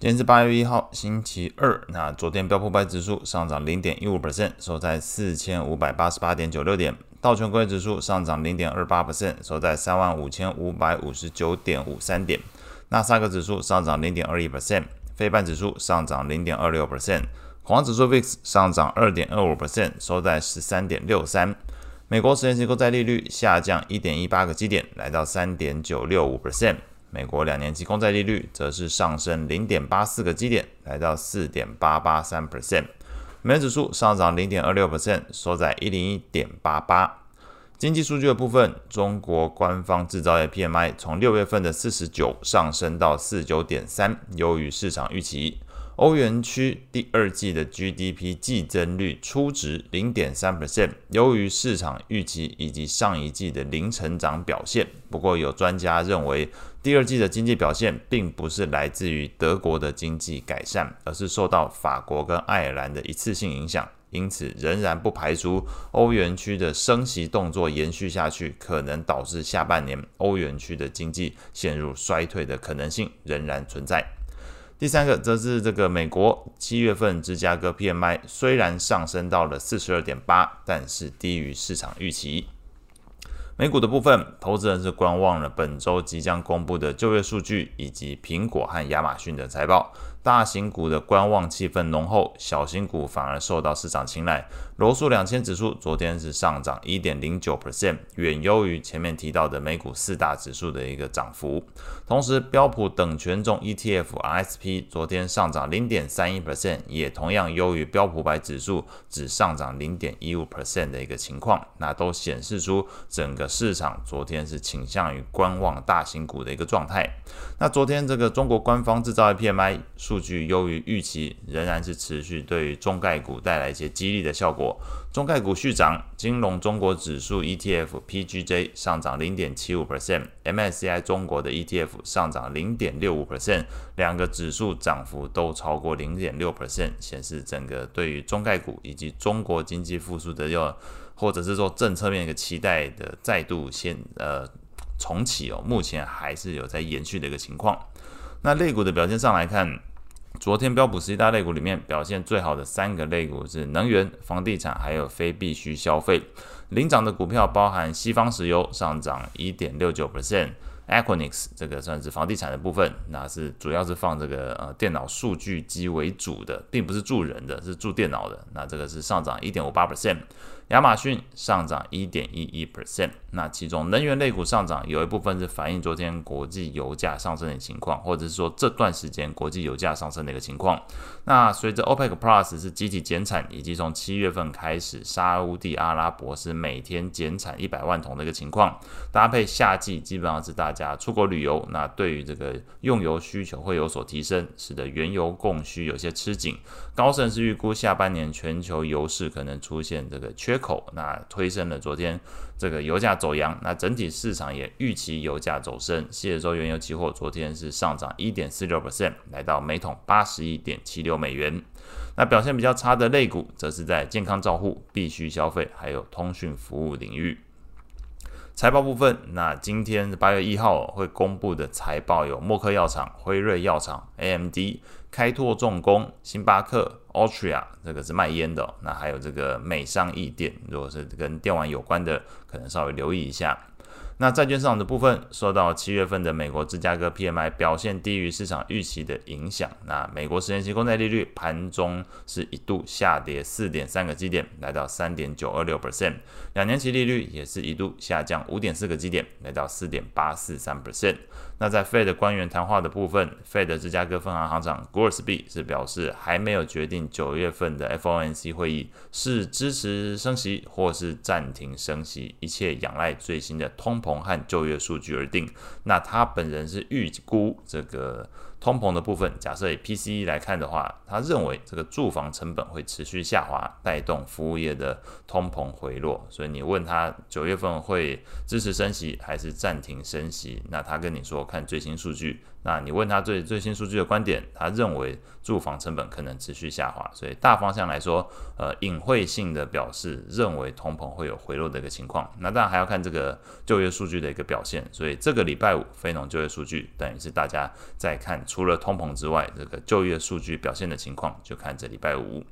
今天是八月一號，星期二。那昨天標普五百指數上漲零點一五%，收在四千五百八十八點九六點。道瓊工業指數上漲零點二八%，收在三萬五千五百五十九點五三點。納斯達克指數上漲零點二一%，費半指數上漲零點二六%，恐慌指數 VIX 上漲二點二五%，收在十三點六三。美國十年期國債利率下降一點一八個基點，來到三點九六五%。美國兩年期公債利率則是上升零點八四個基點，來到四點八八三 percent。美元指數上漲零點二六 percent，收在一零一點八八。經濟數據的部分，中國官方製造業 PMI 從六月份的四十九上升到四九點三，優於市場預期。歐元區第二季的 GDP 季增率初值零點三 percent，優於市場預期以及上一季的零成長表現。不過，有專家認為，第二季的經濟表現並不是來自於德國的經濟改善，而是受到法國跟愛爾蘭的一次性影響。因此，仍然不排除歐元區的升息動作延續下去，可能導致下半年歐元區的經濟陷入衰退的可能性仍然存在。第三個則是這個美國七月份芝加哥 PMI 雖然上升到了四十二點八，但是低於市場預期。美股的部分，投資人是觀望了本周即將公布的就業數據，以及蘋果和亞馬遜的財報。大型股的觀望氣氛濃厚，小型股反而受到市場青睞。羅素兩千指數昨天是上漲一點零九 percent，遠優於前面提到的美股四大指數的一個漲幅。同時，標普等權重 ETF RSP 昨天上漲零點三一 percent，也同樣優於標普白指數只上漲零點一五 percent 的一個情況。那都顯示出整個。市場昨天是傾向於觀望大型股的一個狀態。那昨天這個中國官方製造 PMI 數據優於預期，仍然是持續對於中概股帶來一些激勵的效果。中概股續漲，金融中國指數 ETF PGJ 上漲零點七五 percent，MSCI 中國的 ETF 上漲零點六五 percent，兩個指數漲幅都超過零點六 percent，顯示整個對於中概股以及中國經濟復甦的要，或者是說政策面一個期待的再度先呃重啟哦，目前還是有在延續的一個情況。那類股的表現上來看。昨天標普十一大類股裡面表現最好的三個類股是能源、房地產，還有非必需消費，領漲的股票包含西方石油上，上漲一點六九 percent，Equinix 這個算是房地產的部分，那是主要是放這個呃電腦數據機為主的，並不是住人的，是住電腦的。那這個是上漲一點五八 percent，亞馬遜上漲一點一一 percent。那其中能源類股上漲有一部分是反映昨天國際油價上升的情況，或者是說這段時間國際油價上升的一個情況。那隨着 OPEC Plus 是集體減產，以及從七月份開始沙烏地阿拉伯是每天減產一百萬桶的一個情況，搭配夏季基本上是大。家出國旅遊，那對於這個用油需求會有所提升，使得原油供需有些吃緊。高盛是預估下半年全球油市可能出現這個缺口，那推升了昨天這個油價走揚，那整體市場也預期油價走升。西德州原油期貨昨天是上漲一點四六%，來到每桶八十一點七六美元。那表現比較差的類股，則是在健康照護、必需消費還有通訊服務領域。財報部分，那今天八月一號、哦、會公布的財報有默克藥廠、輝瑞藥廠、AMD、開拓重工、星巴克、Altria 這個是賣菸的、哦。那還有這個美商藝電，如果是跟電玩有關的，可能稍微留意一下。那債券市場的部分，受到七月份的美國芝加哥 PMI 表現低於市場預期的影響。那美國十年期公債利率盤中是一度下跌四點三個基點，來到三點九二六 percent。兩年期利率也是一度下降五點四個基點，來到四點八四三 percent。那在 Fed 官員談話的部分，Fed 芝加哥分行行長 Goolsbee 是表示，還沒有決定九月份的 FOMC 會議是支持升息或是暫停升息，一切仰賴最新的通和就業數據而定，那他本人是預估這個。通膨的部分，假設以 PCE 來看的話，他認為這個住房成本會持續下滑，帶動服務業的通膨回落。所以你問他九月份會支持升息還是暫停升息，那他跟你說看最新數據。那你問他最最新數據的觀點，他認為住房成本可能持續下滑，所以大方向來說，呃，隱晦性的表示認為通膨會有回落的一個情況。那當然還要看這個就業數據的一個表現。所以這個禮拜五非農就業數據等於是大家在看。除了通膨之外，這個就業數據表現的情況就看這禮拜五。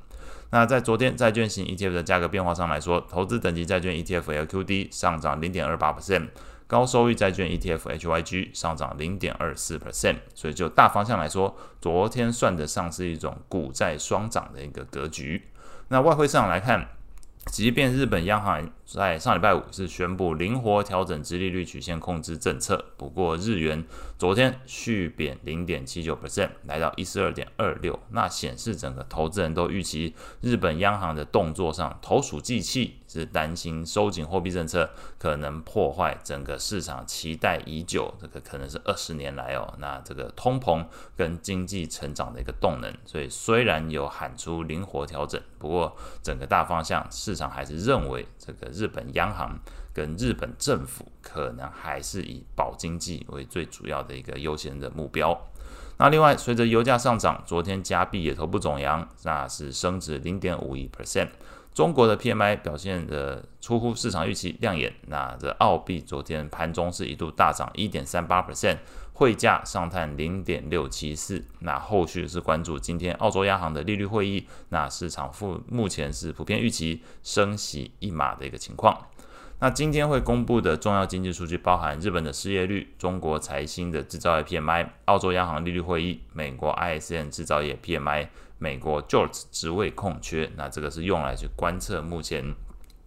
那在昨天債券型 ETF 的價格變化上來說，投資等級債券 ETF LQD 上漲零點二八 percent，高收益債券 ETF HYG 上漲零點二四 percent。所以就大方向來說，昨天算得上是一種股債雙漲的一個格局。那外匯上來看，即便日本央行在上禮拜五是宣布靈活調整殖利率曲線控制政策，不過日元昨天續貶零點七九 percent，來到一四二點二六，那顯示整個投資人都預期日本央行的動作上投鼠忌器，是擔心收緊貨幣政策可能破壞整個市場期待已久，這個可能是二十年來哦，那這個通膨跟經濟成長的一個動能，所以雖然有喊出靈活調整，不過整個大方向市場還是認為這個。日本央行跟日本政府可能還是以保經濟為最主要的一個優先的目標。那另外，隨着油價上漲，昨天加幣也同步走揚，那是升值零點五一 percent。中國的 PMI 表現的出乎市場預期，亮眼。那這澳幣昨天盤中是一度大漲一點三八 percent，匯價上探零點六七四。那後續是關注今天澳洲央行的利率會議。那市場負目前是普遍預期升息一碼的一個情況。那今天會公布的重要經濟數據包含日本的失業率、中國財新的製造業 PMI、澳洲央行利率會議、美國 ISM 製造業 PMI。美國 JOLTs 職位空缺，那這個是用來去觀測目前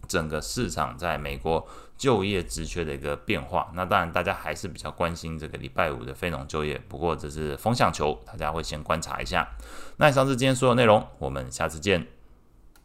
整個市場在美國就業職缺的一個變化。那當然，大家還是比較關心這個禮拜五的非農就業，不過這是風向球，大家會先觀察一下。那以上是今天所有內容，我們下次見。